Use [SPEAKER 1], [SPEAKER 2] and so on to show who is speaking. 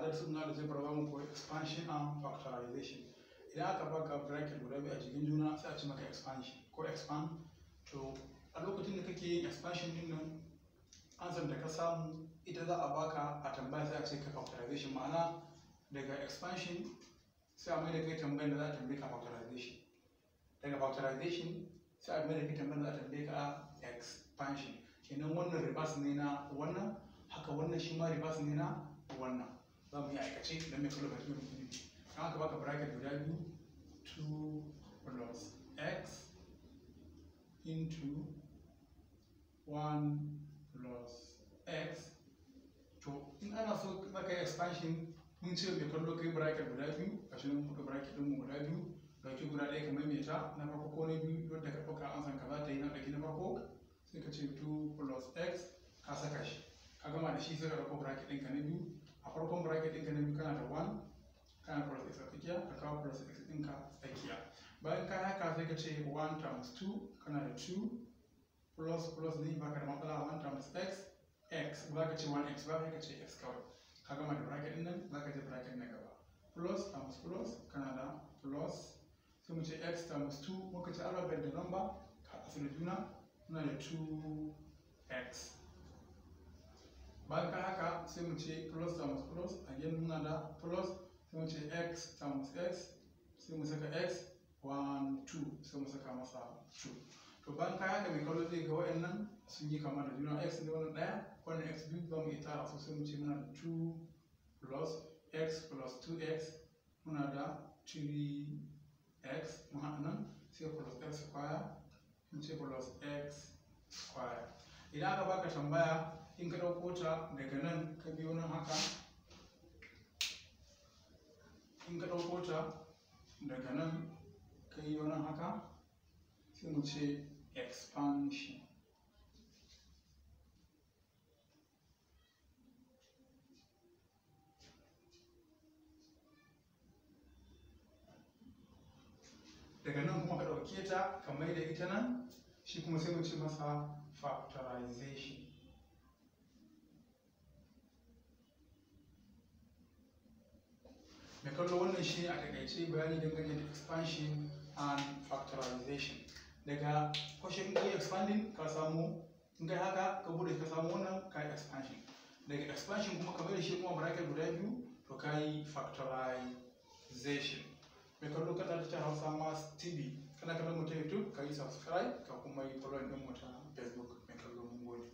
[SPEAKER 1] other suna da zai barba muku expansion and factorization idan aka baka bracket guda biyu a cikin juna sai a ci maka expansion ko expand to a lokacin da kake yin expansion din nan answer da ka samu ita za a baka a tambaya sai a ce ka factorization ma'ana daga expansion sai a mai da kai tambayar da za a tambaye ka factorization daga factorization sai a mai da kai tambayar da za a tambaye ka expansion kenan wannan reverse ne na wannan haka wannan shi ma reverse ne na wannan za mu yi aikace don mai kula shi mai kan aka baka bracket guda biyu 2 plus x into 1 plus x to in ana so zaka yi expansion mun ce mai kallo kai bracket guda biyu gashi nan muka bracket din mu guda biyu dauki guda ɗaya kamar mai ta na farko ko na biyu wanda ka ɗauka an san ka za ta yi na ɗauki na farko sai ka ce 2 plus x ka saka shi ka gama da shi sai ka ɗauko bracket ɗinka na biyu bai ɗinka na kana da 1 kana tsakiya ka kawo plus x ɗinka tsakiya bayan ka haka sai ka ce 1 times 2 kana da 2 plus plus ne baka da matsala 1 times x x ba ka ce 1x ba ka ce x kawai ka gama da bracket ɗin nan za ka bracket na gaba plus times plus kana da plus sai mu ce x times 2 muka ce alabar da number ka da juna muna da 2x bayan ka haka sai mu ce plus times plus again muna da plus sai mu ce x times x sai mu saka x 1 2 sai mu saka masa 2 to bayan kaya da mai kallo zai ga wa'annan sun yi kama da juna x ne wannan daya wannan x biyu ba mu yi tara su sai mu ce muna 2 plus x plus 2x muna da 3x ma'anan sai plus x square mu ce plus x square idan aka baka tambaya in ka ɗauko ta daga nan ka biyo nan haka in ka ɗauko ta daga nan ka yi nan haka sai mu ce expansion daga nan kuma ka ɗauke ta ka mai da ita nan shi kuma sai mu ce masa factorization mai kallo wannan shi a takaice bayani dangane da expansion and factorization daga kwashin kai expanding ka samu in kai haka ka bude ka samu wannan ka yi expansion daga expansion kuma ka da shi kuma bracket guda biyu to ka yi factorization mai kallo kana da cikin hausa ma tv kana kallon mu ta youtube ka yi subscribe ka kuma yi following din mu ta facebook mai kallo mun gode